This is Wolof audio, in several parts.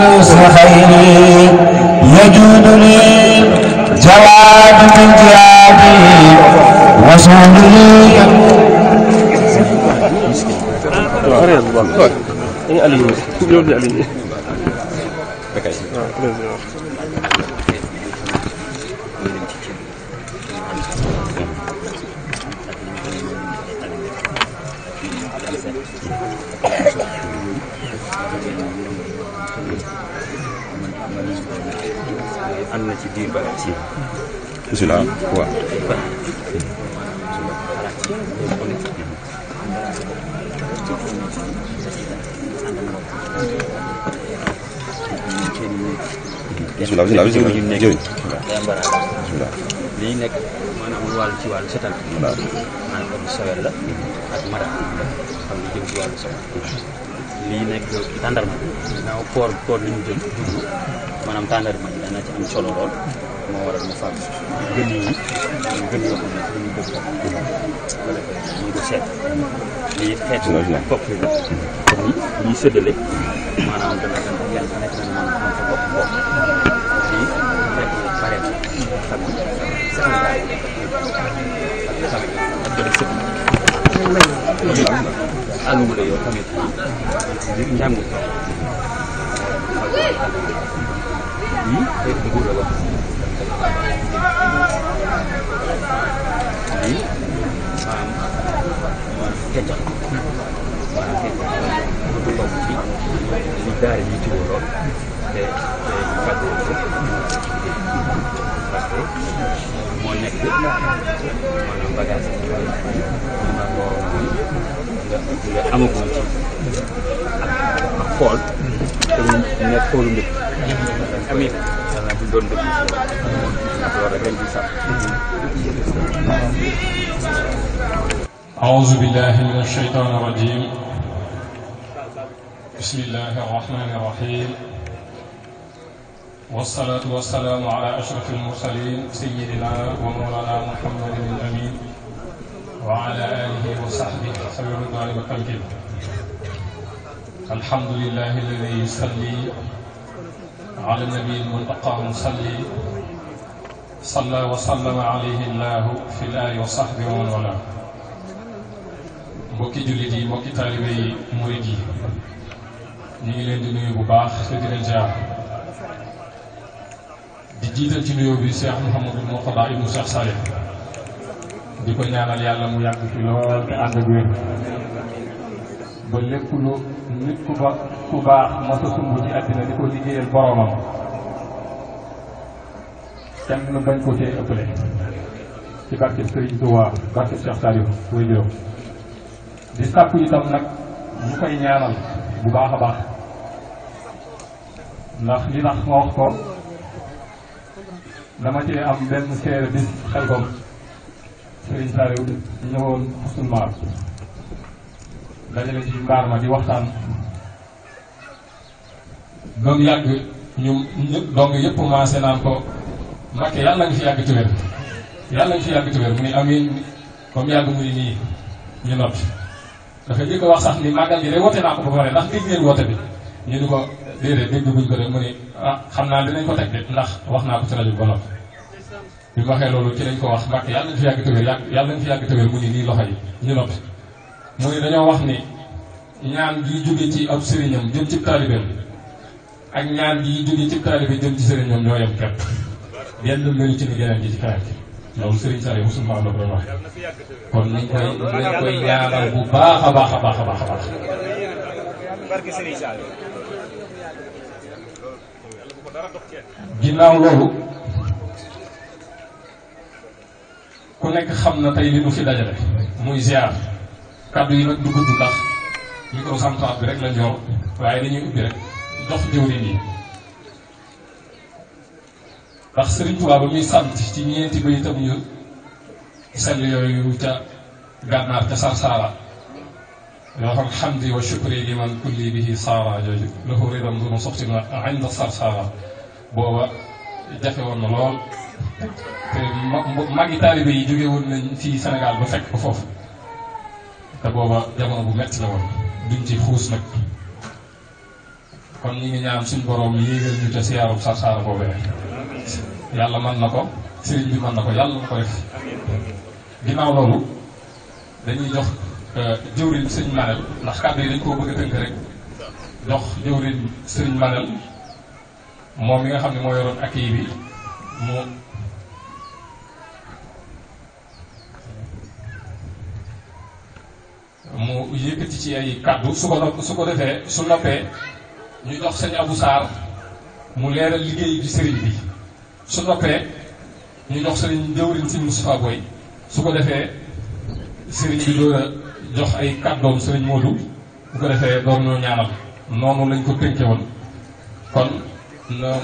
نفس خيري يجود لي جواب من جيابي وصل لي Alin. Alin. Alin. Alin. 예. 수나 와. bisimilah bisimilah bisimilah jërëjëf. bisimilah. li ñu nekk maanaam lu wàllu ci wàllu setal. waaw maanaam loolu sowel la. ak mara. xam nga jëm ci wàllu sowel. Mmh. lii nekk tàndarma. ginnaaw koor koor li ñu jëm. maanaam tàndarma ji dana ci am solo lool moo waral ñu fàgg gën yi gën yoo xam ne ci ñu bëgg wala ñu ko seet lii xeet bopp yi la kon ñuy séddale maanaam dana dana kenn ku nekk dana mën a am sa bopp bopp lii rek pare xam alumule yoo xamante ni njàng lii kecax waaw kecax bu dul bokk ci li daara yi ci lool te te fàtte ko parce que moo nekk maanaam bagage bi nga nga amagum ci ak ak xool te mu nekk xoolu nit amiin yàlla bu doon dëgg loolu rek lañ ci sax أعوذ بالله من الشيطان الرجيم بسم الله الرحمن الرحيم والصلاة والسلام على أشرف المرسلين سيدنا ومولانا محمد الأمين وعلى آله وصحبه سبيل الرضوان والتمكين الحمد لله الذي يصلي ala nabi mulaqam salli salla wa sallama alayhi llahu fi laali wa sahbi wa man wala mbokki jullit yi mbokki taalibe yi murid yi ñu ngi leen di nuyu bu baax te di leen jaar di jiital ci nuyoo bi Cheikh Mouhamadou Mourtada ibnu Cheikh Saleh di ko ñaanal yàlla mu yàgg fi lool te ànd ak wér ba lépp lu nit ku ba ku baax mos a sumb ci àddina di ko liggéeyal boromam kenn bañ ko cee ëppale ci barke Serigne Touba barke Cheikh Saliou way juróom di sàkku itam nag ñu koy ñaanal bu baax a baax ndax li tax ma wax dama cee am benn seere bis xel kom Serigne Saliou ñëwoon xusul maar dajale ci ma di waxtaan ba mu yàgg ñu ñëpp dong yëpp commencé naan ko Mbakke yàlla nga fi yàgg ci yàlla nga fi yàgg ci wér mu ni amiin comme yàgg mu ni nii ñu not dafa jëkk wax sax ni màggal gi day woote naa ko ba pare ndax dégg ngeen woote bi ñu ni ko déedéet dégg buñ ko de mu ni ah xam naa dinañ ko teg de ndax wax naa ko ci rajo ba noppi bi mu waxee loolu ci lañ ko wax Mbakke yàlla nañ fi yàgg tëwér yàgg yàlla nañ fi yàgg tëwér mu ni nii loxo yi ñu noppi mu ni dañoo wax ak ñaan gi jóge ci taalibe bi jëm ci sëriñ loolu sëriñ Saliou mosul ma am la doon wax kon nañ koy nañ koy ñaanal bu baax a baax a baax a baax a baax ginnaaw loolu ku nekk xam na tey li nu fi dajale muy ziar kaddu yi nag du gudd ndax micro central bi rek lañ yor waaye dañuy ubbi rek jox jëwriñ yi ndax Sëriñ Tuubaa ba muy sant ci ñeenti baytam yu sell yooyu ca gànnaar ca Sarsara yoo xam xamdi wa shukri liman kulli bihi saara jooju lahu ridam du ma soxti na inda Sarsara booba jafe woon na lool te magi taalibe yi jóge woon nañ fii Sénégal ba fekk ko foofu te booba jamono bu metti la woon duñ ci xuus nag kon ñu ngi ñaan suñu borom yéegal ñu te siyaaru sarsara boobee yàlla mën na ko sëriñ bi mën na ko yàlla na ko def ginnaaw loolu dañuy jox euh, jëwriñ sëñ Manel ndax kàddu yi dañ koo bëgg a tënk rek jox jëwriñ sëñ Manel moom mi nga xam ne moo yoroon ak yi bi mu mu yëkkati ci ay kàddu su ko defee su noppee ñu jox sëñ Abou Sarr mu leeral liggéey bi sëriñ bi su noppee ñu jox sëriñ jëwriñ sëñ Moustapha Boy su ko defee sëriñ bi door jox ay kàddoom sëriñ Modou bu ko defee doom ñoo ñaanal noonu lañ ko tënke woon kon na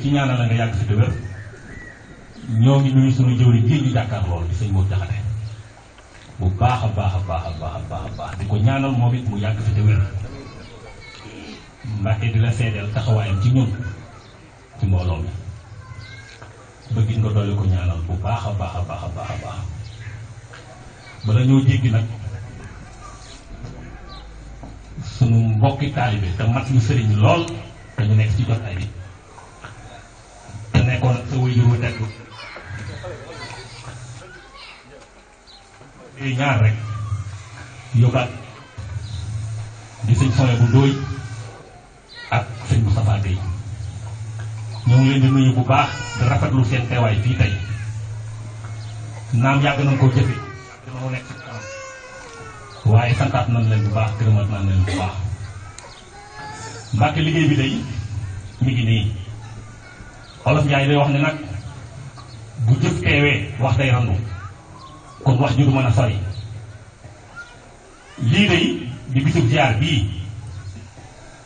ci ñaanal la nga yàgg fi dëgër ñoo ngi nuyu suñu jëwriñ bii ñu jàkkaar lool di sëñ Mor Jaxate bu baax a baax a baax a baax a baax a baax di ko ñaanal moom it mu yàgg la seedeel taxawaayam ci mbooloo mi bëgg bu baax a baax a baax a baax a baax bala ñoo jéggi nag sunu mbokki taalibe te mat ñu sëriñ lool dañu nekk ci jot ay bi te nekkoon sa wéy juru teggu koy ñaar rek yóbbaat di sëñ Foye bu Ndooy ak sëñ Moustapha Gueye ñoo ngi leen di bu baax di rafetlu seen teewaay fii tey naam yàgg nañ koo jëfe waaye santaat nañ leen bu baax gërëmaat nañ leen bu baax mbàkke liggéey bi day mi ngi nii olof Njaay day wax ne nag bu jëf teewee wax day randu kon wax ju du mën a sori lii day di bisub ziar bii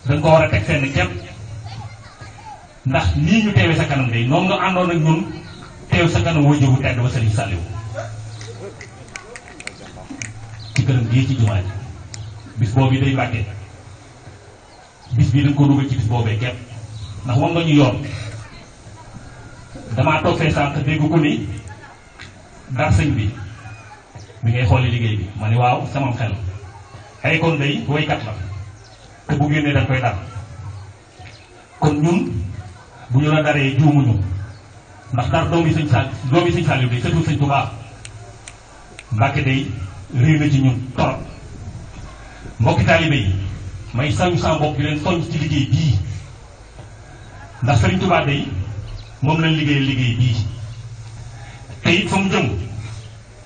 dañ ko war seen képp ndax nii ñu teewee sa kanam day noonu nga àndoon ak ñun teew sa kanam wajur bu tedd ba sëriñ Saliou ci këram gii ci jumaa ji bis boobu day wàcce bis bii dañ ko dugal ci bis boobee képp ndax moom nga ñu yoon damaa toog fee sànq dégg ko ni dar bi bi ngay xoolee liggéey bi ma waaw sama xel ay kon day woykat la te bu génnee dañ koy dar kon ñun bu ñu la daree juumuñu ndax dar doomi sëñ Saal doomi sëñ Saal bi sëtu sëñ Tuubaa Mbàkke day réew na ci ñun torop mbokki taalibe yi may sañu sa bopp bi leen soññ ci liggéey bii ndax sëriñ Tuubaa day moom lañ liggéey liggéey bii te fa mu jëm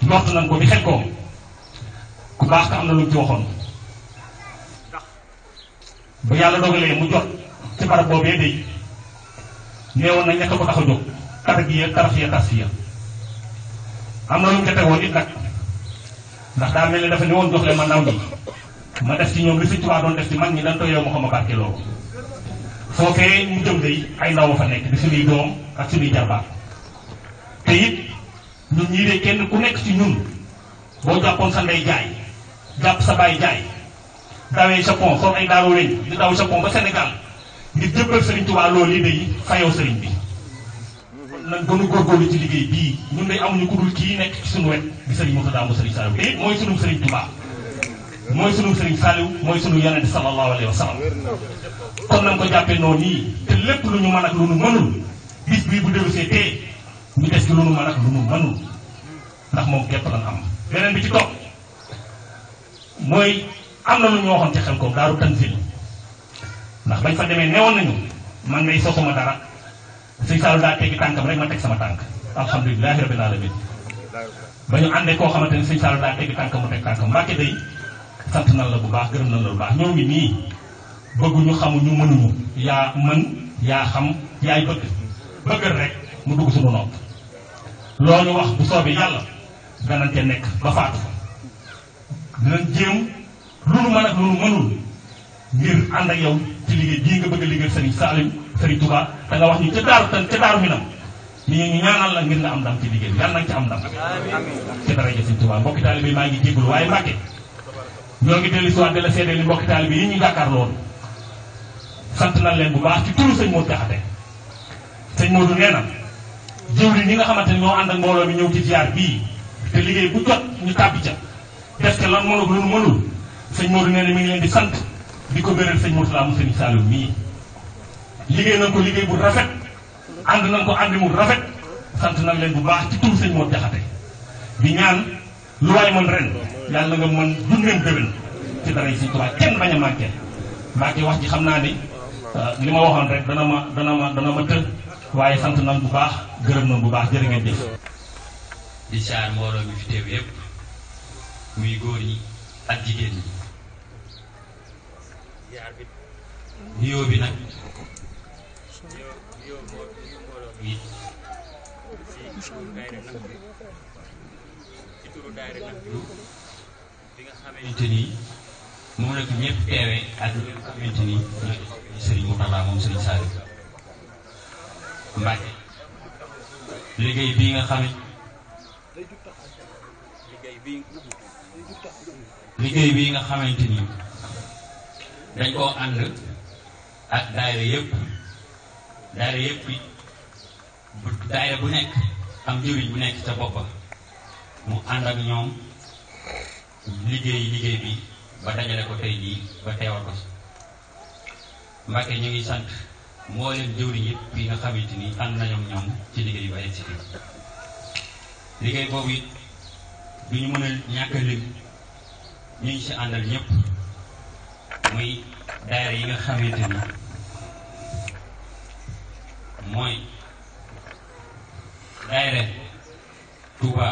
nott nañ ko bi xej ku baax ka am na lu ci bu yàlla dogalee mu jot ci barab boobee day neewoon na ñett ko tax a jóg tarbiya tarfiya tasfiya am na lu mu ca it nag ndax daa mel ne dafa ne woon jox leen ma ndaw ñi ma def ci ñoom li Sëñ Tuubaa doon def ci mag ñi dañ koy yow ma xam a barke loolu foofee ñu nekk di jarbaat te it ñun ñii de kenn ku nekk ci ñun boo jàppoon sa ndey jaay jàpp sa baay jaay dawee japon sol ay daaru weñ di daw japon ba Sénégal ngir jëppal Serigne Touba loolu yi fayoo Serigne bi. nag gënu góorgóorlu ci liggéey bii ñun day am ku dul kii nekk ci suñu wet di Serigne Mourtada mu Serigne te mooy sunum Serigne Touba mooy sunum Serigne Saliou mooy sunu yonente sallallahu alayhi wa sallam kon nañ ko jàppee noonu yi te lépp lu ñu mën ak lu ñu mënul bis bii bu dellusee ñu des ci lu nu ndax moom képp lan am beneen bi ci topp mooy am na lu ñu waxoon ci xel koom daaru tanzil ndax bañ fa demee newoon nañu man ngay sosuma dara suñ saalu daa teggi tànkam rek ma teg sama tànk alhamdulilahi rabbil alamin ba ñu àndee koo xamante ni suñ saalu daa teggi tànkam mu teg tànkam mbàkke day sant nan la bu baax gërëm nan la bu baax ñoo ngi nii bëgguñu xamuñu mënuñu yaa mën yaa xam yaay bëgg bëggal rek mu dugg suñu nopp loo ñu wax bu soobee yàlla danañ te nekk ba faatu dinañ jéem lu nu mën ak lu nu mënul ngir ànd ak yow ci liggéey bii nga bëgg a liggéey Serigne Salim Serigne Touba da nga wax ñu ca daaru tan ca daaru mi ñu ñu ñaanal la ngir nga am ndam ci liggéey yàlla nañ ci am ndam ci dara ja Serigne mbokki taalibe maa ngi jégalu waaye Mbàkke ñoo ngi dellu si waat de la seedeel ni mbokki taalibe yi ñu jàkkaarloo sant nañ leen bu baax ci turu sëñ Modou Diakhaté sëñ Modou jëwri ñi nga xamante ni ñoo ànd ak mbooloo mi ñëw ci ziar bii te liggéey bu jot ñu tàbbi ca def mi ngi leen di sant di ko béral sëñ Mourtala mu sëñ ko liggéey bu rafet ànd nañ ko ànd sant nañ leen bu baax ci tur sëñ Modou Diakhaté di ñaan lu waay mën ren yàlla nga mën dundeen kenn bañ a màggee màggee wax ji xam naa ni euh, li ma waxoon rek dana ma dana ma dana ma të waaye sant nañ bu baax gërëm nañ bu baax jërë ngeen di saar mbooloo mi fi teew ak jigéen ñi. nuyoo bi nag bi moom la ko ñëpp teewee ak ñi nga xamante ni Mbacke liggéey bii nga xam liggéey bii nga xamante ni dañ koo ànd ak daayira yëpp daayira yëpp bu daayira bu nekk am jëriñ bu nekk ca boppa mu ànd ak ñoom liggéey liggéey bi ba dajale ko tey jii ba teewal ko Mbacke ñu ngi sant mboolem jëwriñ yëpp yi nga xamante ni ànd nañoo ñoom ci liggéey bi ay ci liggéey boobu it du ñu mën a ñàkk a lim ñu si àndal ñëpp muy daayira yi nga xamante ni mooy daayira Touba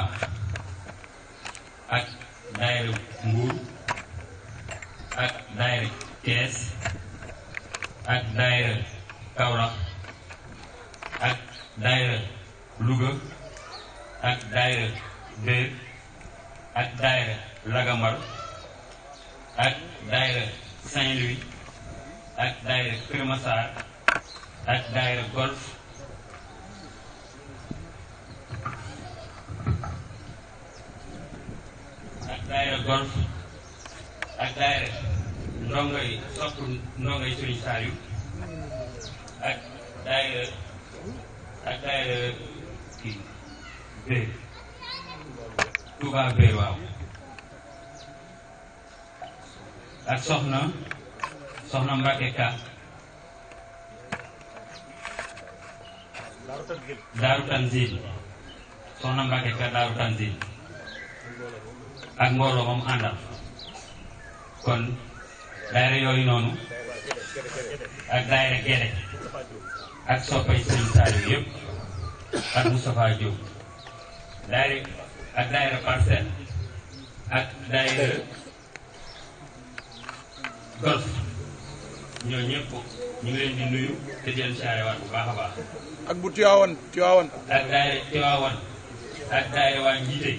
ak daayira Mbour ak daayira Thiès ak daayira Kaolack ak daayira Louga ak daayira Béer ak daayira Lagamar ak daayira Saint-Louis ak daayira Kër Massar ak ak daayira Golf ak daayira ndongo sopp ndongo yi Sëriñ Saliou ak daayira ak daayira kii béy Touba béy waaw ak soxna soxna Mbacke Ka Daaru Tanzil soxna Mbacke Ka Daaru Tanzil ak mbooloo moom àndal kon daayira yooyu noonu ak daayira Gede ak soppay Serigne Saliou yëpp ak Moustapha Diop daayira ak daayira Parcelles ak daayira Golf ñoo ñëpp ñu ngi di nuyu te saarewaat bu baax baax. ak bu Tiwaawan Tiwaawan. ak daayira Tiwaawan ak daayira waa njiite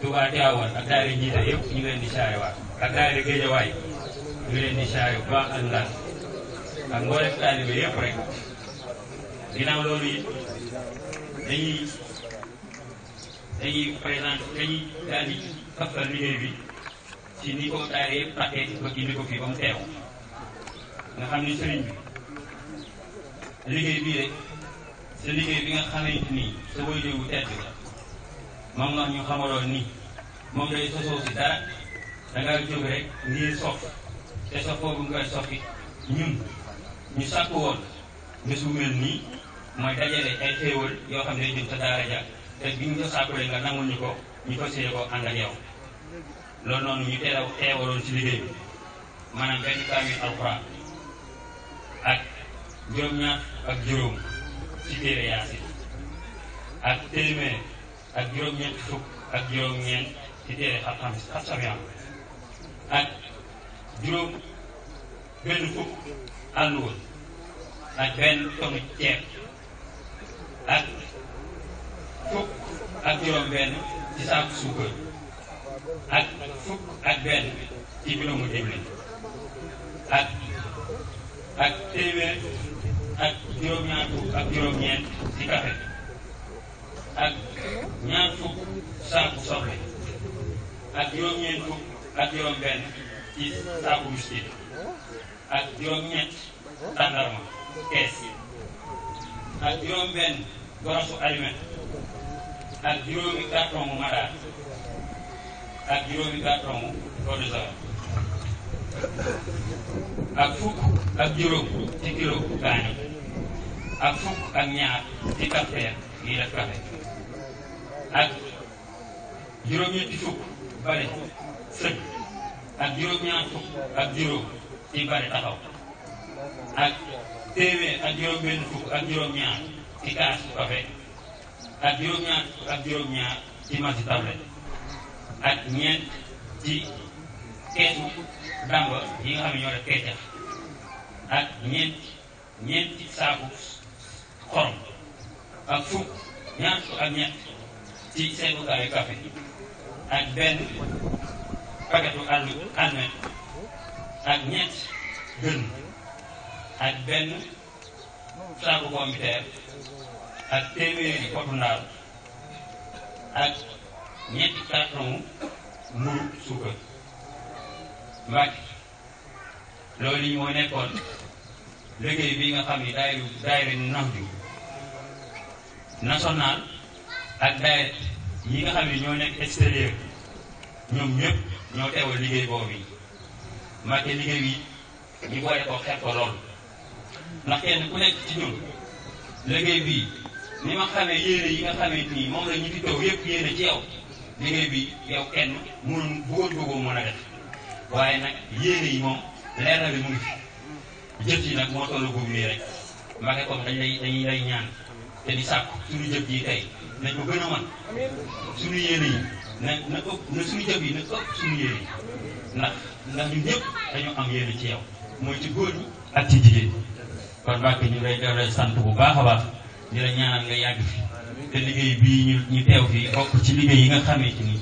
Tiwaawan ak daayira njiite yëpp ñu ngi di saarewaat ak daayira Géejawaay ñu leen di saare bu baax ak laas ak mboolem taalibe yëpp rek dañuy dañuy présenter dañuy daal di liggéey bi ci ni ko daare yëpp tàkkee ci ko ko fii ba mu teew nga xam ni sëriñ bi liggéey bii rek sa bi nga xamante nii sa way tedd la moom nga ñu xamaloon nii moom day sosoo si dara da jóg rek ngir sof te sa foogu nga koy soppi ñun ñu sàkk woon bés mel nii mooy dajale ay xéewal yoo xam ne jëm sa daara ja te bi ñu ko sàkkulee nga nangul ko ñu fas ko ànd ak yow loolu noonu ñu teel a teewaloon ci liggéey bi maanaam benn kaamil alxuraan ak juróom-ñaar ak juróom ci téere yaasin ak téeméer ak juróom-ñeent fukk ak juróom-ñeent ci téere xam-xam ak juróom benn fukk àlluwa ak benn tonu ceeb ak fukk ak juróom benn ci saaku suukar ak fukk ak benn ci bidon mu diwlin ak ak téeméer ak juróom-ñaar ak juróom-ñeent ci café ak ñaar fukk saaku soble ak juróom-ñeent fukk ak juróom benn ci saaku miskin ak juróom-ñett tàndarma kees ak juróom-benn gorosu aliment ak juróomi carton ak juróomi carton mu eau de javel ak fukk ak juróom ci ak fukk ak ñaar ci bale sëñ ak juróom-ñaar fukk ak juróom ci bari taxaw ak téeméer ak juróom-benn fukk ak juróom-ñaar ci kaasu kafe ak juróom-ñaar ci masi tablette ak ñeent ci keesu damba yi xam ñoo def kecax ak ñeent ñeent ci saaku xorom ak fukk ñaar fukk ak ñett ci seetukaayu kafe ak benn bagatu àll almet ak ñett gën ak benn saaku pompiteer ak téeméeri potu ak ñetti carton mburu suukar Mbàkke loolu yi nekkoon liggéey bi nga xam ni daayru daayra Nahdu national ak daayra yi nga xam ni ñoo nekk extérieur ñoom ñëpp ñoo teewal liggéey boobu yi Mbàkke bi ñu boole ko xeet ko lool ndax ku nekk ci ñun liggéey bii ni ma xamee yéene yi nga xamee nii moom la ñu di taw yëpp yéene ci yow liggéey bi yow kenn mënul bëggoon bëggoon mën a def waaye nag yéene yi moom leer na li mu yi nag moo toll góob nii rek Mbàkke comme dañ lay ñaan te di sàkku suñu yi tey nañ ko gën a mën suñu yi. na na ëpp na suñu jëf yi na ëpp suñu yéene ndax ndax ñun ñëpp dañoo am yéene ci yow mooy ci góor ñi ak ci jigéen kon Mbàkke ñu lay def lay sant bu baax a baax di la ñaanal nga yàgg fi te liggéey bii ñu ñu teew fii bokk ci liggéey yi nga xamee ci nii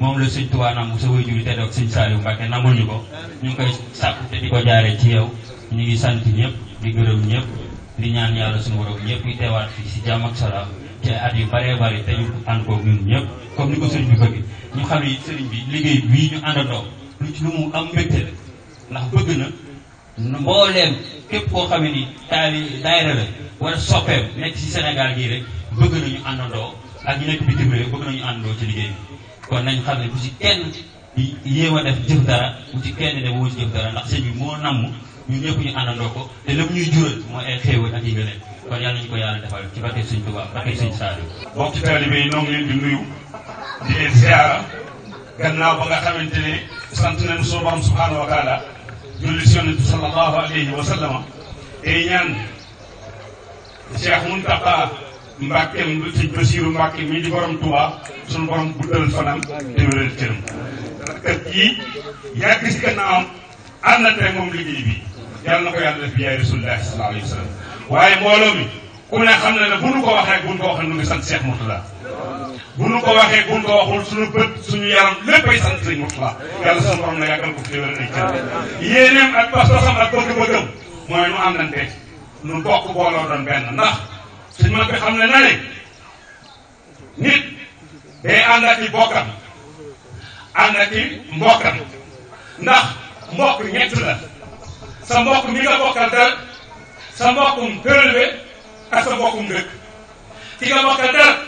moom la sëñ Tuubaa nam sa wajur te doog sëñ Saliou Mbàkke namul ñu ko ñu ngi koy sàpp te di ko jaaree ci yow ñu ngi sant ñëpp di gërëm ñëpp di ñaan yàlla suñu borom ñëpp yi teewaat fii si jàmm ak salaam te at yu baree bari te ñu ànd koog ñun ñëpp comme ni ko sëriñ bi bëgg ñu xam ni sëriñ bi liggéey bii ñu àndandoo lu ci mu am mbégte ndax bëgg na mbooleem képp koo xam ni taali daayira la wala soppeem nekk ci Sénégal gii rek bëgg nañu àndandoo ak ñu nekk bitim réew bëgg nañu àndandoo ci liggéey bi kon nañ xam ne bu ci kenn di def jëf dara bu ci kenn def woo jëf dara ndax sëñ bi moo namm ñun ñëpp ñu àndandoo ko te lépp ñuy jural mooy ay xéewal ak yi nga leen kon yàlla ñu ko yàlla defal ci barke di leen siyaara gannaaw ba nga xamante ne sant nañu sunu borom subhaanahu wa taala julli si yonent bi sallallahu alayhi wa sallama tey ñaan Cheikh Mountakha Mbacke mu ci Basiiru Mbacke mii di borom Touba sunu borom guddal fanam te wéral cëram kër gi yàgg si gannaawam ànd na tey moom liggéey bi yàlla na ko yàlla def bi yaay rasulillahi sallallahu alayhi wa sallam waaye mbooloo mi ku ne xam na ne bu nu ko waxee bu nu ko waxee nu ngi sant Cheikh Mourtala bu nu ko waxee bu nu ko waxul suñu bët suñu yaram léppay sant sëñ Moustapha yàlla suñu borom na yàggal ko fi wér ay cër yéeneem ak pas-pasam ak bëgg-bëggam mooy nu àndante nu bokk booloo doon benn ndax suñu mag bi xam ne na ne nit day ànd ak i bokkam ànd ak i mbokkam ndax mbokk ñett la sa mbokk mi nga bokkal dara sa mbokkum kërël be ak sa mbokkum dëkk ki nga bokkal dara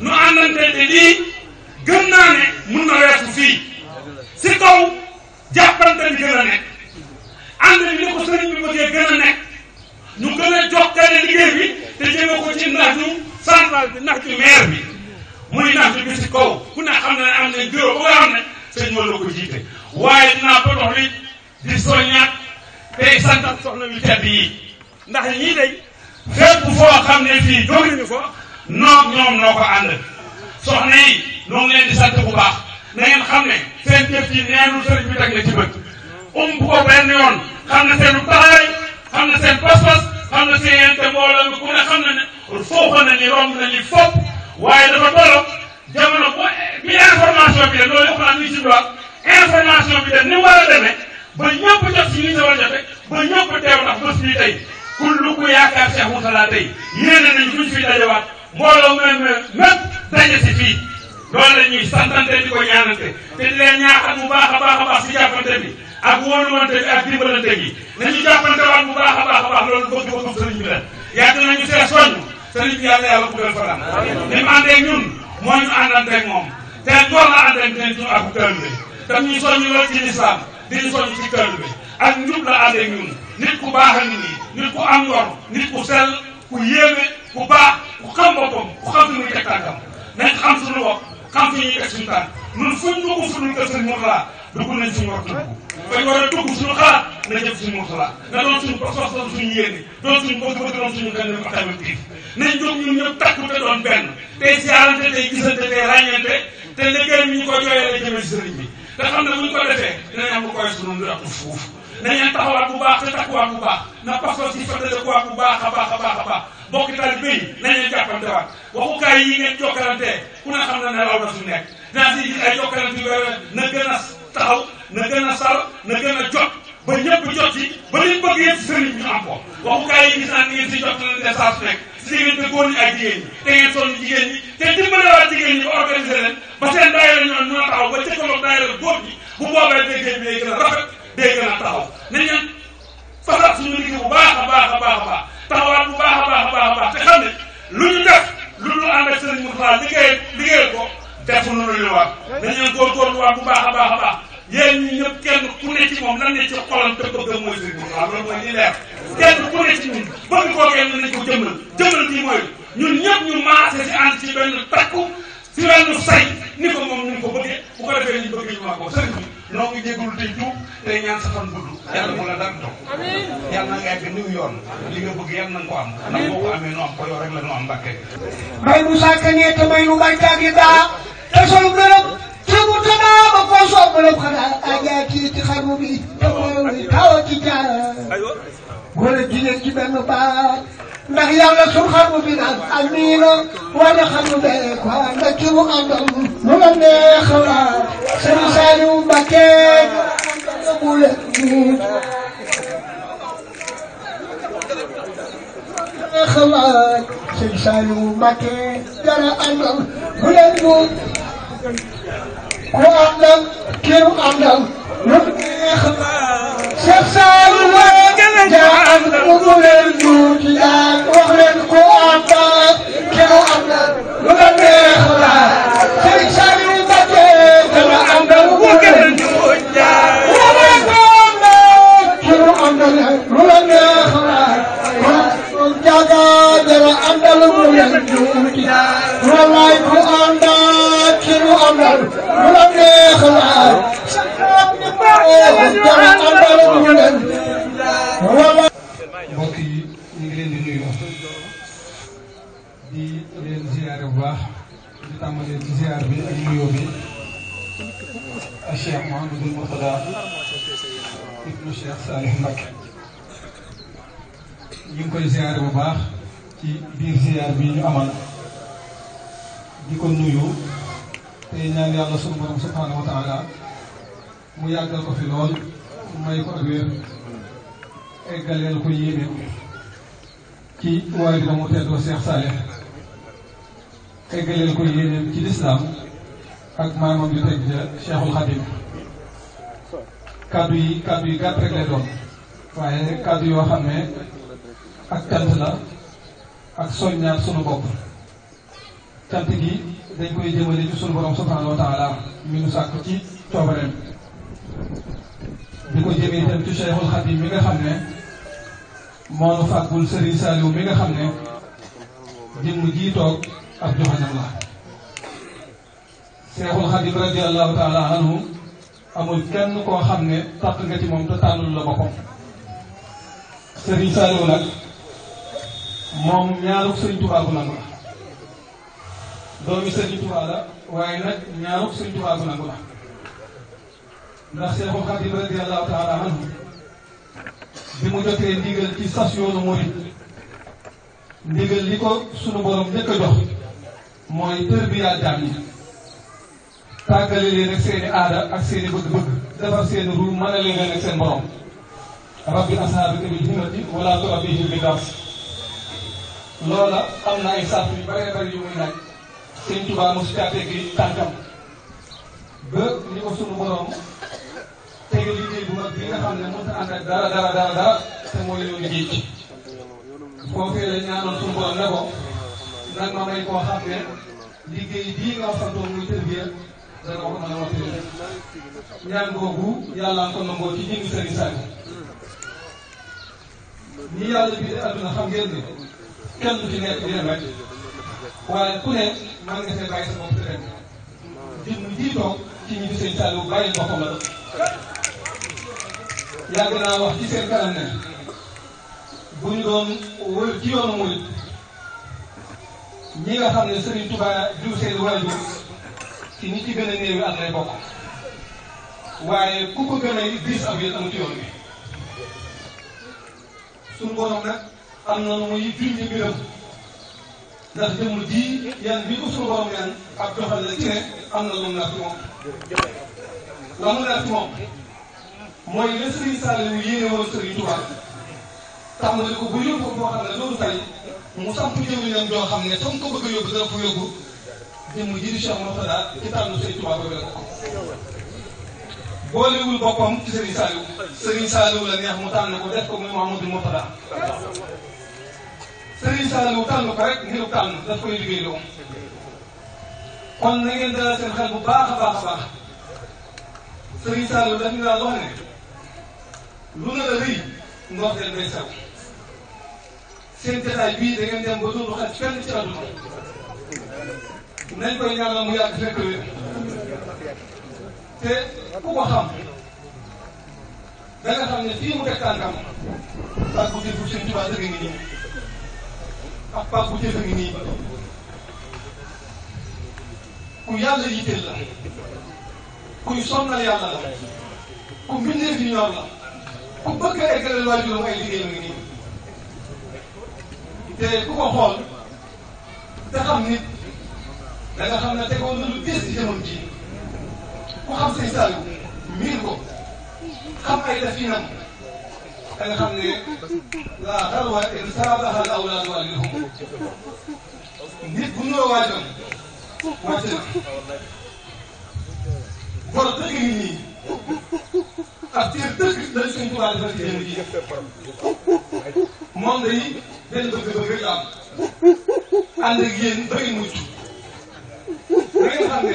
nu àndante te lii gëm naa ne mun na weesu fii si kaw jàppante bi gën a nekk ànd bi ni ko sëriñ bi bëggee gën a nekk ñu gën a jokkale liggéey bi te jëme ko ci ndax ñu central bi ndax ci maire bi muy ndax bi si kaw ku ne xam na ne am nañ bureau ba nga ne sëñ moo la ko jiite waaye dinaa ko dox li di soññaat tey santat soxna yu tedd yi ndax ñii day fépp foo xam ne fii jóge nañu fa noog ñoom noo ko ànd soxna yi ñoo ngi leen di sant bu baax na xam ne seen jëf ji neenul sëriñ bi teg na ci bët um bu ko benn yoon xam na seenu taxawaay xam na seen pas-pas xam na seen yente mbooloo bi ku ne xam na ne foofa na ni romb na ni fopp waaye dafa tollo jamono bu bi bi de loolu yëpp naan li de ni war a demee ba ñëpp jot ci li ci war a ba ñëpp teew ndax bés bii tey kullu ku yaakaar Cheikh Moussa laa tey yéene nañ buñ fi dajawaat mbooloo mel ne mépp daje si fii loolu santante di ko ñaanante te di leen ñaaxal bu baax a baax a baax bi ak wóoluwante bi ak nañu jàppante waat bu baax a baax a baax loolu bëgg-bëgg sëriñ bi la yàgg nañu see soññ sëriñ bi yàlla yàlla bugal fanaan ni mu àndee ñun moo ñu àndanteeg moom te loolu la àndanteeg ñun ak di ñu soññ ci taalibe ak njub la àndeeg ñun nit ku a ngi nii nit ku am ngor ku sell ku bu baax ku xam boppam ku xam fi muy teg tànkam nañ xam suñu bopp xam fi ñuy teg suñu tànk ñun fuñ dugg fu dul kër sëñ Mourtala dugg nañ suñu war dugg bañ war a dugg suñu xalaat na jëm suñu Mourtala na doon suñu sox doon suñu yéene doon suñu bëgg-bëgg doon suñu gën ak tamit bii nañ jóg ñun ñëpp takku te doon benn tey siyaarante tey gisante tey ràññante te liggéey mi ñu ko jooyee la jëmee si sëriñ bi te xam ne bu ñu ko defee dinañ am lu koy suñu lu ëpp fuuf nañeen taxawaat bu baax te takkuwaat bu baax na pasos yi fatale kuwaat bu baax a baax a baax a baax bokk taalibe yi nañ leen jàppante waat waxukaay yi ngeen jokkalante ku ne xam na ne raw na fi nekk dinaa si gis ay jokkalante na gën a taxaw na a sal a jot ba ñëpp jot ci bëgg yi ba organiser leen ba seen daayira ñoon mën a taxaw ba bu boobee déggee bi gën a rafet day gën a taxaw nañ leen fasaat suñu liggéey bu baax a baax a baax a baax taxawaat bu baax a baax a baax te xam ne lu ñu def lu ñu ànd ak sëriñ Mourtada liggéeyal liggéeyal ko defu lu ñu wax dañuy góorgóorluwaat bu baax a baax a baax yéen ñi ñëpp kenn ku ne ci moom lan ne ci xolam te bëgg mooy sëriñ Mourtada loolu mooy li leer kenn ku ne ci ñun bëgg koo kenn nañ ko jëmmal jëmmal bi mooy ñun ñëpp ñu maase ci ànd ci benn takku fi la ñu say ni ko moom ni ko bëggee bu ko defee ñu bëgg ñu maa ko sëriñ bi noo ngi jégalu tey tuub tey ñaan sa fan gudd yàlla mu la daan toog yàlla na nga egg niw yoon li nga bëgg yàlla na nga ko am ndax boo ko amee nu am ko yow rek la nu am mbàkke may mu sàkka ñee te may nu gàncax gi daa te solu gërëm te mu tanaa ba koo soob gërëm xanaa ajaa kii ci xaru bi te mooy tawa ci jaara góor a jigéen ci benn baat ndax yàlla bi naan amiina wala xarnu bee quoi ndax mu àndal lu la neex la bu leen nit xalaat sëñ Saliou Mbacké dara bu leen nit ku leen Saalix Mbakke ñu ngi koy ziare bu baax ci biir ziar bi ñu amal di ko nuyu tey ñaan yàlla sunu borom subhaanahu wa taala mu yàggal ko fi lool may ko ak wér eggaleel ko yéenéew ci waaye dina mu teddoo Seex Saalix eggaleel ko yéenéew ci lislaam ak maamam bi teg ja Seexul Xadim kaddu yi kaddu yi gàtt rek lay waaye kaddu yoo xam ne ak cant la ak soññaat sunu bopp cant gi dañ koy jëmale ci sunu borom subhanahu wa taala mi nu sàkk ci coobareem di nga xam ne moo nu fàggul Serigne Saliou mi nga xam ne jëmm jii toog ab joxañam la Cheikhul Khadim radiyallahu taala anhu amul kenn koo xam ne tàq nga ci moom te tànnul la boppam Serigne Saliou nag moom ñaarug Serigne Touba bu nangu la doomi Serigne Touba la waaye nag ñaarug Serigne Touba bu nangu la ndax Seexul Xadim radiyallahu taala anhu bi mu jotee ndigal ci sas yoonu murit ndigal li ko sunu borom njëkk jox mooy tërbiyaa jaam yi tàggale leen ak seen aada ak seen bëgg-bëgg defar seen ruu mën a leen ak seen borom rabbi ashaabika bil himmati bi dars loola am na ay ko sunu borom tege liggéey nga xam ne mënut a ànd ak dara dara dara dara te mooy yoonu géej gi ñaanoon sunu borom ne ko nag ma may koo xam ne liggéey bii nga waxantoon muy tërbiya dana wax dana wax dëgg ñaan googu yàlla ko nangoo ci jënd sëriñ Sadio ni yàlla xam ngeen ne kenn du ci nekk dina wet ku ne man nga see bàyyi sa bopp sa benn jëmm ji toog ci ñi fi sëriñ Sadio bàyyi boppam la. yàgg naa wax ci seen kanam ne bu ñu doon wër ci yoonu murit ñi nga xam ne Serigne Touba diw seen waajur ci ñi gën a néewi at lay bokk waaye ku ko gën a diis ab yéen amu ci bi suñu borom nag am na nu muy junj moom. la mu moom mooy la Serigne Saliou yéene woon Serigne Touba tàmbali ko bu yóbbu ko xam ne loolu tey mu samp jëwriñam joo xam ne fa ko bëgg yóbbu dara fa yóbbu. jëmm ji di Cheikh Mourtada ci tànn Serigne Touba boobu la ko boolewul boppam ci Serigne Saliou Serigne Saliou la neex mu tànn ko def ko muy Mouhamadou Mourtada Serigne Saliou tànn ko rek ngir tànn daf koy loo kon na ngeen dalal seen xel bu baax a baax a baax Serigne Saliou bi ñu daal wax ne lu na la rëy ndox del bay sew seen jataay bii da ngeen dem ba dootu xel kenn ci àdduna nañ koy ñaanal mu yàgg fekk wér te ku ko xam da nga xam ne fii mu teg tànkam pàcc bu jëfu Sëñ Tuubaa dëgg ngi nii ak pàcc bu jëf ngi nii ku yàlla yitteel la kuy sonnal yàlla la ku mbindee fi ñor la ku bëgg a eggaleel waajuram ay liggéeyam ngi nii te ku ko xool te xam nit da nga xam ne tegoon na lu gis ci jamono ji ku xam sëñ Saliou miin ko xam ay definam da nga xam ne la xalwa in saabaha al awlaad walidahum nit bu nuroo na gor dëgg nit ñi ak cër dëgg lañ sëñ Tuubaa defal ci jamono ji moom day benn bëgg-bëgg rek am ànd da ngay xam ne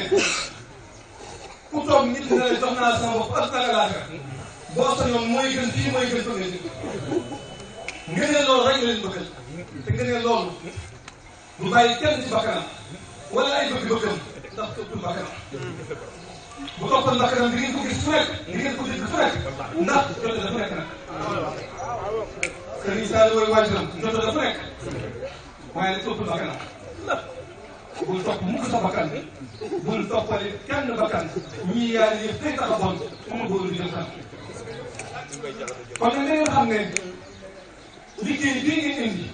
ku toog nit ñi ne jox naa sama bopp ak naka laa fekk mooy gën fii mooy gën bëgg nit nga rek nga leen bëggal te nga ne loolu du bàyyi wala ay bëgg di ngeen ko gis fu nekk di ngeen ko dégg fu nekk ndax jot dafa nekk nag sëriñ Saliou mooy waajuram jot bul topp mukk sa bakkan bul toppale kenn bakkan ñii yàlla yëpp day tax a bon amul góor bi kon nag da ngeen ne liggéey bii ngeen indi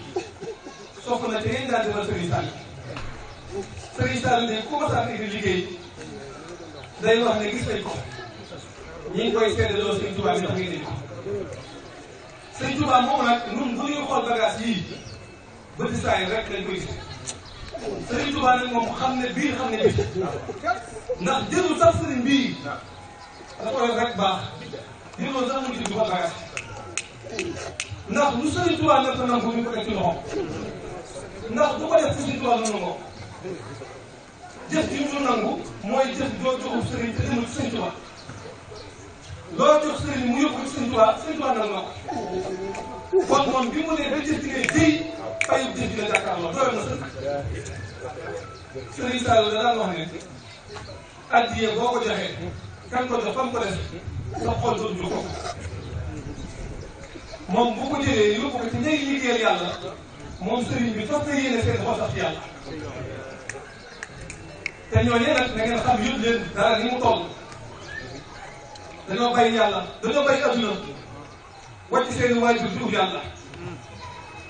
soxna te ngeen daal di defal Serigne Sall Serigne Sall ne ku ma saan indi liggéey day wax ne gis nañ ko ñi ngi koy seetloo Serigne Touba bi tax ngeen indi ko. Serigne Touba moom nag ñun bu ñuy xool bagage yii bëti saa yi rek lañ Sëriñ Tuubaa nag moom xam ne biir xam ne bii dafa koy rek baax lii loolu sax mu ci dugal bagaas na ko ñu ko teg ci loxo ndax du ko def Sëriñ Tuubaa noonu ko jëf ji mu nangu mooy jëf joo joxul sëriñ te demul lool jox sëriñ mu yóbbu ko sëriñ Tuubaa sëriñ Tuubaa nangu na ko kon moom bi mu ne da jënd ngay jëy fayu jënd la jàkkaarloo doyoon na sëriñ sëriñ Sall da daan wax ne addiye boo ko joxee kan ko jox fam ko def sa xol doon jóg ko moom bu ko jëlee yóbbu ko ci ñay liggéeyal yàlla moom sëriñ bi toog na yéene seen xol sax yàlla te ñooñu nag da ngeen xam yóbbu leen dara ni mu toll dañoo bàyyi yàlla dañoo bàyyi adduna wàcc seen waajur di ut yàlla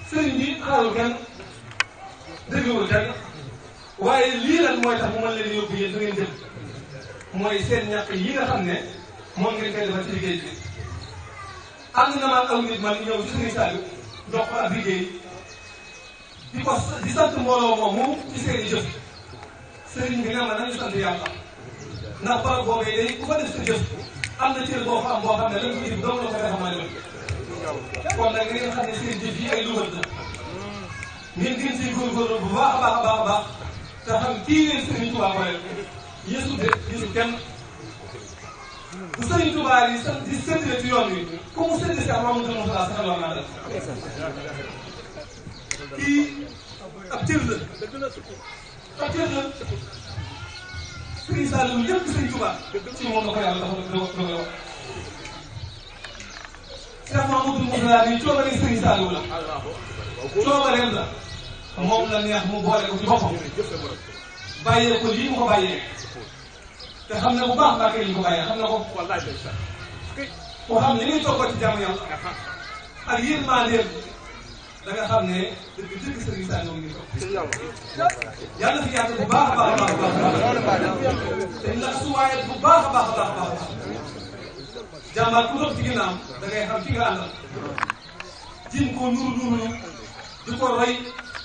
sëriñ bi xaaral kenn dégluwul kenn waaye lii lan mooy tax mu mën leen yóbbu yéen da ngeen jël mooy seen ñàkk yi nga xam ne moom ngeen koy defal ci liggéey bi ànd na ma ak aw nit man ñëw ci sëriñ Saliou jox ko ak liggéey di ko di sant mbooloo moomu ci seen i jëf sëriñ bi nga ma nañu sant yàlla ndax barab boobu day ku fa def sa jëf am na cër boo fa am boo xam ne lañ ko jëf doomu la ko def mooy lépp kon nag ngeen xam ne seen jëf yi ay luwal la ngeen gën si góorgóorlu bu baax a baax a baax a baax te xam kii leen Serigne Touba booleel yéesu de yéesu kenn bu Serigne Touba yi sant di séddale ci yoon wi ku mu séddale si am amuñu ko mos a laas xelal naa def kii ab cër la ab cër la. suñu Saliou yëpp sëñ Tuubaa ci moom la ko yàlla dafa la ko la wax. Cheikh Mamadou Moussa bi coobare sëñ Saliou la coobareem la moom la neex mu boole ko ci boppam bàyyee ko lii mu ko bàyyee te xam ne bu baax barke li ko bàyyee xam na ko ku xam ne li ñu toog ci jàmm yàlla ak yéen maa da nga xam ne dëgg dëgg sëriñ Saliou ngi toog yàlla fi yàgg bu baax a baax a baax te la suwaayet bu baax a baax a baax a baax jàmbaar ku toog ci da xam fi nga àndal jim ko nuru nuru di ko roy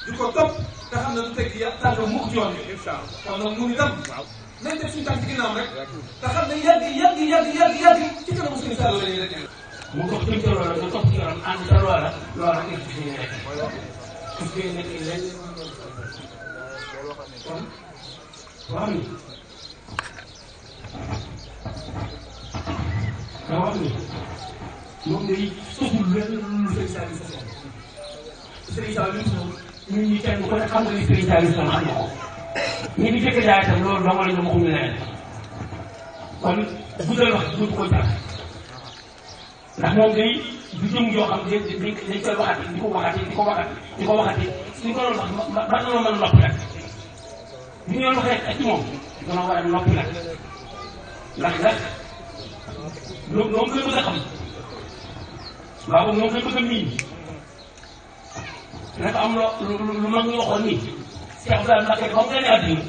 di ko topp te xam ne du teg ya tànk mukk ci yoon bi kon nag mu ngi tam nañ def suñu tànk ci ginnaam rek te ne yàgg yàgg yàgg yàgg yàgg ci kanamu sëriñ Saliou la ñuy def mu dox ci loola nga topp ci yoonam ànd sa loola loola nga gis ñu nekk su fekkee nekkee léegi kon wax ni nga wax ni moom day soxul lenn lu sëriñ Saliou Sall sëriñ Saliou ñun ñi kenn ku ne xam nga ni sëriñ Saliou Sall xam na ko ñu di jëkk jaay tam loolu dong la ñu waxuñu leneen kon guddal wax duñ ko jàpp ndax moom day du jëm yoo xam ne dañ dañ koy waxati di ko waxati di ko di ko waxati suñ ko doon wax ba ba doon mën noppi nag bu ñu doon wax rek ak ci moom dañoo war a noppi nag ndax nag loo loo gën bëgg a xam waaw moom gën a miin dafa am lu lu lu mag ñu waxoon nii Cheikh Ibrahima Mbacké ba mu gënee àddina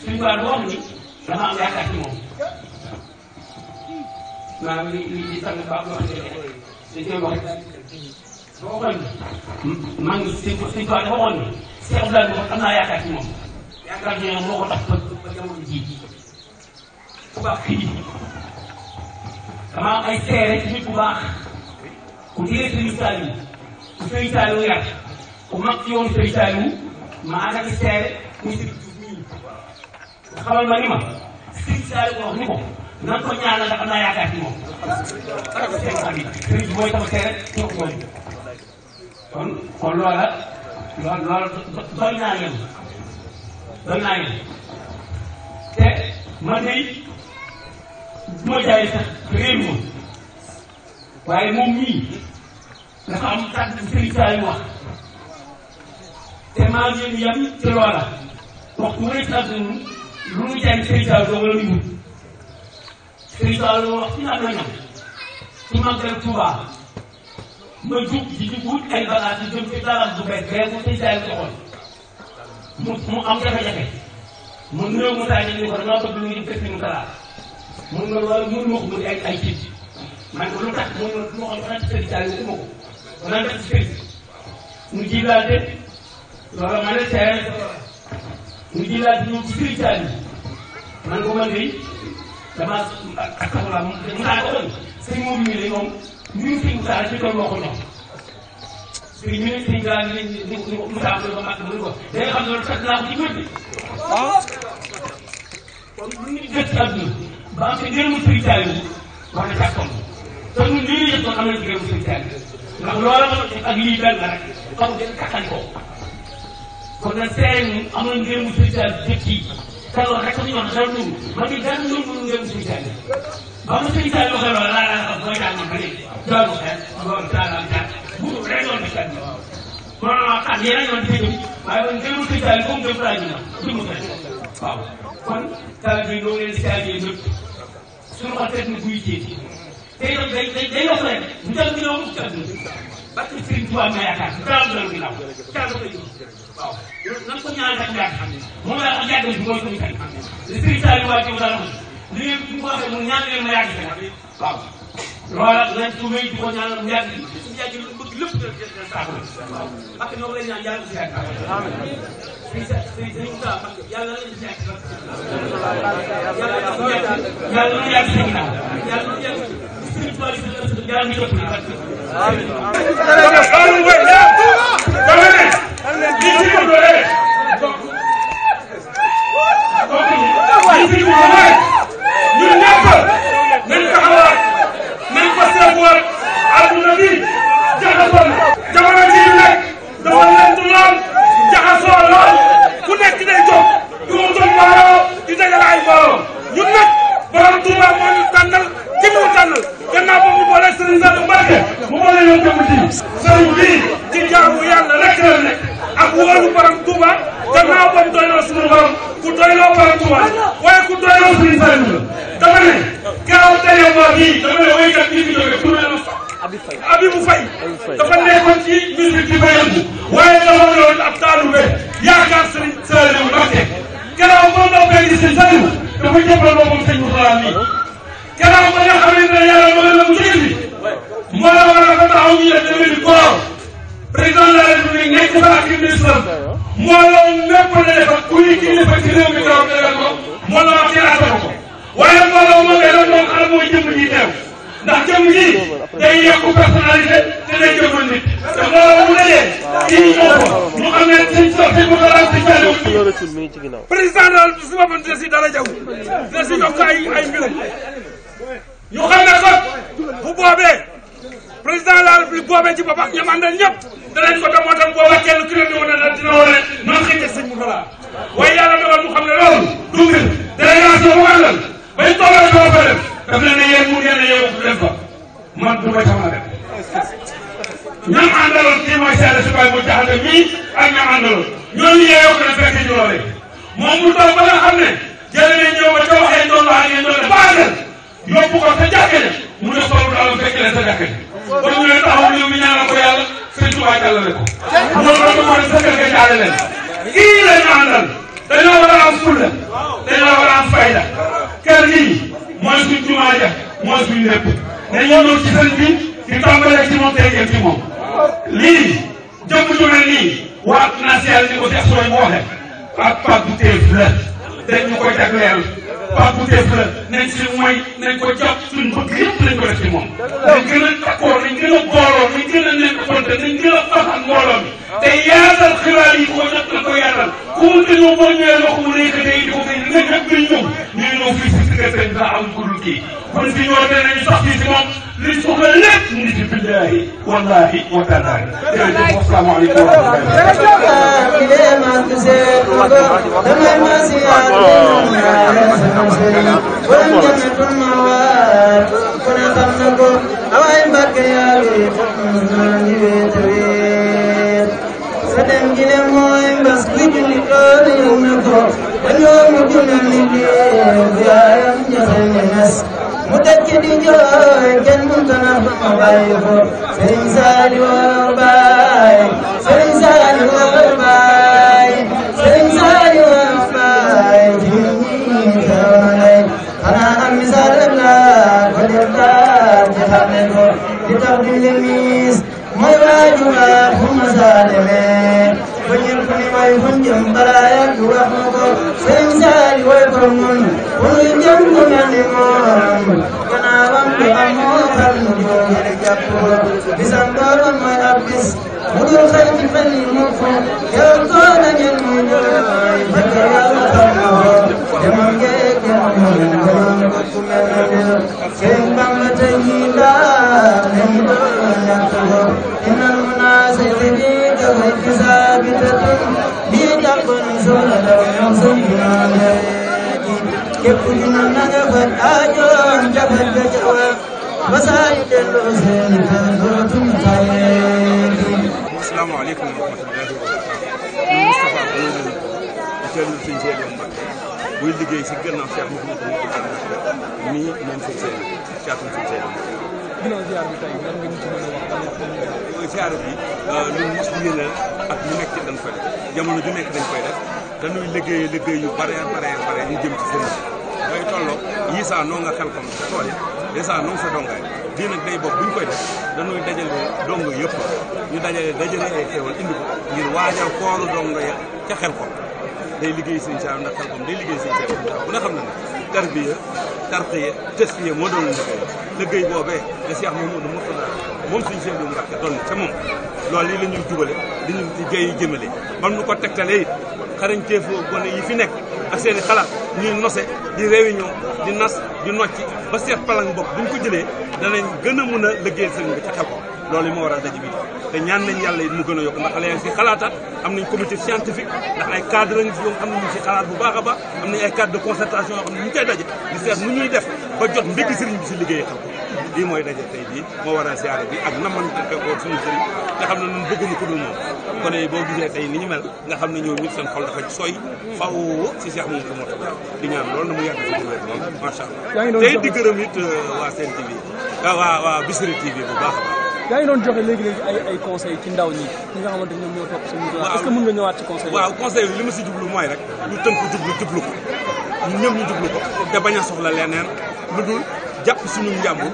suñu baax wax ni dama am moom. maanaam li li li sànq baax na dañ koy wax rek ba waxoon maa ngi sëñ sëñ Tuubaa dafa waxoon Cheikh Abdoulaye moom am naa yaakaar ci moom yaakaar ci moom moo ko tax ba ba jamono jii ku baax fii dama ay seere ci nit ku baax ku téye sëriñ Saliou ku sëriñ Saliou yar ku mag ci yoonu sëriñ Saliou ma ànd ak seere muy sëriñ Diouf mii xamal ma ni ma sëriñ Saliou wax ni ko nan ko ñaanal ndax naa yaakaar ci moom. sëriñ mooy sama seere jox ko kon loola lool lool doy naa ngeen doy naa ngeen te man day bu ma sax réew moom waaye moom mii dafa am tànn sëriñ saa yu wax te maa ngi leen yem ci loola wax ku ma ne tànn lu mu jaay sëriñ saa doo wala muy wut sëriñ Tuubaa la wax ci làmmiñam su màggal Tuubaa ma jug di jug wut ay bagaas yu jëm ci daral bu bees bee mu tëj daay doxoon mu mu am jafe-jafe mu néew mu taaj ni ko damaa bëgg ñu ngi def mu dara nga wala mun ma mu ay ay tiit man ko lu tax mu ne ma ko xanaa ci sëriñ Tuubaa waxuma ko danaa def ci sëriñ mu jiilaate loola ma ne teel ñu jiilaate ñu ci sëriñ Tuubaa damaa ak taxawalaa mu Moussa defoon sëñ moom mii de moom mbirum sëñ Moussa rek doon moo ko ñor sëñ ñu ne sëñ Moussa ni ko Moussa ba màgg mu ko da nga xam ne loolu fekk naa ko ci góor bi. kon lu ñu jot ci àdduna ba am te gërëmu sëñ Taaliw wax na càkkoon te ñun lii ñu jot kon am nañu gërëmu sëñ Taaliw ndax loola nga doon ak lii benn la rek xamu gën a taxal ko kon nag seere ñu am nañu gërëmu sëñ Taaliw jëkk yi te loolu rek ñu wax xel tuuti ma ngi gan ñoom ñu dem suñu jàng ba ma suñu jàng waxee loolu laa laa xam boo jàngoon ba léegi doon xel loolu daal am jàng bu rek yoon bi jàng mënoon wax ak yeneen yoon bi jëm waaye man gënul suñu jàng comme jëm laa ñu naan duñu ko waaw kon taal bi ñoo ngi leen si jaajëf ñëpp suñu xol teg na buy jéeti te itam day day day yokk rek bu jàng ñëw mu jàng parce que Serigne Touba am na yaakaar bu daal doon ginnaaw jàng ko waaw nan ko ñaanal rek yàgg xam ne moom laa wax yàgg na fi mooy suñu kañ. li Serigne Saliou waa Diouf dara li ngeen bu ko waxee mu ñaan leen ma yàgg fi nag waaw. voilà nañ ko wéy di ko ñaanal mu yàgg suñu yàgg lu bëgg lépp dana dana saafara. waaw parce que ñoo ngi lay ñaan yàlla si yàgg. Serigne Serigne Moussa parce que yàlla lañ si yàgg. yàlla na ko yàgg yàlla na yàgg si ginnaaw yàlla na yàgg si Serigne Touba di ko yàlla na yàgg si ginnaaw. Sëriñ Saliou Baay Sëriñ Saliou maanaam lu am moo xam ne moo yële jàpp bisam borom mooy ab bis mu dul xëy ci fan yi mu fu yow koo la ngeen mu ñëw jëkk yàlla xam na woon demam ngeeg demam ngeen demam ko ku mel ne déw seen bam la tey ñii laa dañu doon ñàkk ko innal munaasiqiina wal kaazibina bii jàpp ni soo la daw ñoom seen képp ñu ne nga faj aajoom njaboot nga ca wax ba saa di teelul suñu Seydou liggéey si gannaaw Cheikh Mouhamadou Mbacke nii moom suñu ci mën a wax lan nga euh, lu mos ak lu nekk dañ koy def jamono ju nekk dañ koy def dañuy liggéey liggéey yu bare bare bare ñu jëm ci sëriñ koy tolloo yiisaa noo nga xelkom tool yi dèjà noo fa bu ñu koy def dañuy ñu dajale dajale ay xéewal indi ya ca xelkom day liggéey seen saam ndax xelkom liggéey seen saam bu nga xam ne nag tarbiya tarqiya moo doon liggéey liggéey boobee da Cheikh Mamadou Mourtada moom suñu seen doomu rakk doon ca moom loolu yi la jubale di ñu ci jëy jëmale bam nu ko tegtalee it xarañteefu gone yi fi nekk ak seen i xalaat ñuy nose di réunion di nas di nocci ba seet palang bopp buñ ko jëlee danañ gën a mun a liggéey sëriñ bi ca xel ko loolu moo war a daje te ñaan nañ yàlla it mu gën a yokk ndax léegi si xalaataat am nañ comité scientifique ndax ay cadre lañ yoo xam ne ñu si xalaat bu baax a baax am nañ ay cadre de concertation yoo ñu koy daje di seet nu ñuy def ba jot mbégg sëriñ bi si liggéey xel lii mooy daje tey jii moo waral siyaare bi ak naman ko suñu sëriñ nga xam ne ñun bëgguñu ko dul moom kon boo gisee tey ni ñu mel nga xam ne ñoom ñëpp seen xol sooy faw si moo di ñaan loolu na mu yàgg fi diwé moom macha allah tey di gërëm it euh, waa Sen TV ah, waa waa Bichri yaa ngi doon joxe léegi ay ay conseil ci ndaw ñi ñi nga xamante ñoom ñoo topp suñu est-ce que mën nga ñëwaat ci conseil waaw conseil li ma si jublu mooy rek ñu tënk jublu jublu ko ñun ñëpp ñu jublu ko te bañ a soxla leneen lu dul jàpp suñu njàmbur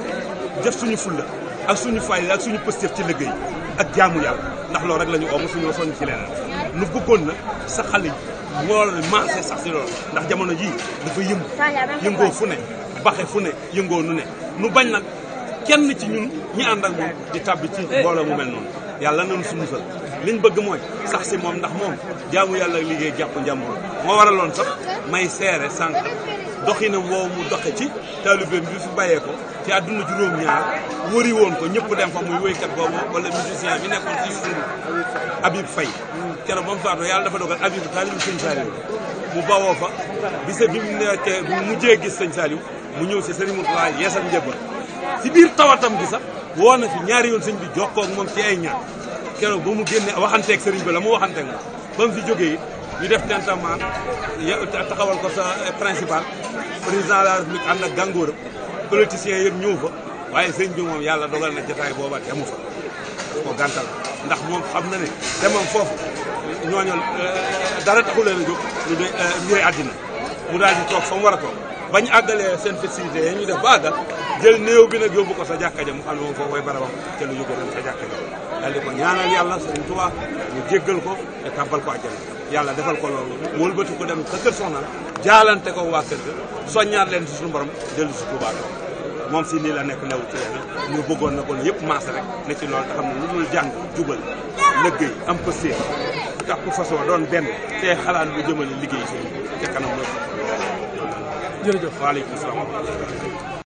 def suñu fulla ak suñu fayda ak suñu pëstéef ci liggéey ak jaamu yàlla ndax loolu rek lañu ñu oom suñu ci leneen nu bëggoon na sa xale yi loolu mancé sax loolu ndax jamono jii dafa yëngu yëngoo fu ne baxe fu ne yëngoo nu ne nu bañ nag kenn ci ñun ñi ànd ak moom di tàbbi ci mbooloo mu mel noonu yàlla nañu suñu musal liñ bëgg mooy sax si moom ndax moom jaamu yàlla liggéey jàpp njàmbur moo waraloon sax may seere sànq doxinam woow mu doxe ci taalibeem bi fi bàyyee ko ci àdduna juróom-ñaar wëri woon ko ñëpp dem fa muy woykat boobu wala musicien bi nekkoon ci sunu Habib Faye keroog ba mu faatoo yàlla dafa dogal Habib taalibu sëñ Saliou mu bawoo fa bise bi mu nekkee mu mujjee gis sëñ Saliou mu ñëw si Serigne Mourtala yeesal njëbbal si biir tawatam gi sax woo na fi ñaari yoon sëñ bi jokkoo ak moom ci ay ñaan keroog ba mu génne waxanteeg Serigne bi la mu waxanteeg moom ba ñu def tentamment taxawal ko sa principal président de la république ànd ak gàngooram politicien yëpp ñëw fa waaye sëñ bi moom yàlla dogal na jotaay booba demu fa ko gàntal ndax moom xam na ne demam foofu ñooñu euh, dara taxu leen a jóg lu de euh, mbiri addina mu daal di toog fa mu war a toog bañ àggalee seen festivité yi ñu def baa àggal jël néew bi nag yóbbu ko sa jàkka ja mu xam ne moom foofu way barabam te lu yóbbu sa jàkka ja daal di ko ñaanal yàlla mu jéggal ko te tàbbal ko àjjana yàlla defal ko loolu mu wëlbati ko dem sa kër soxna jaalante ko waa kër ga soññaat leen si suñu borom dellu si Tuubaa moom si lii la nekk new ci ñu bëggoon na ko ne yëpp maase rek ne ci loolu te xam ne lu dul jàng jubal liggéey am ko séen ku fasoo doon benn te xalaat bu jëmale liggéey si ca kanam loolu jërëjëf waaleykum salaam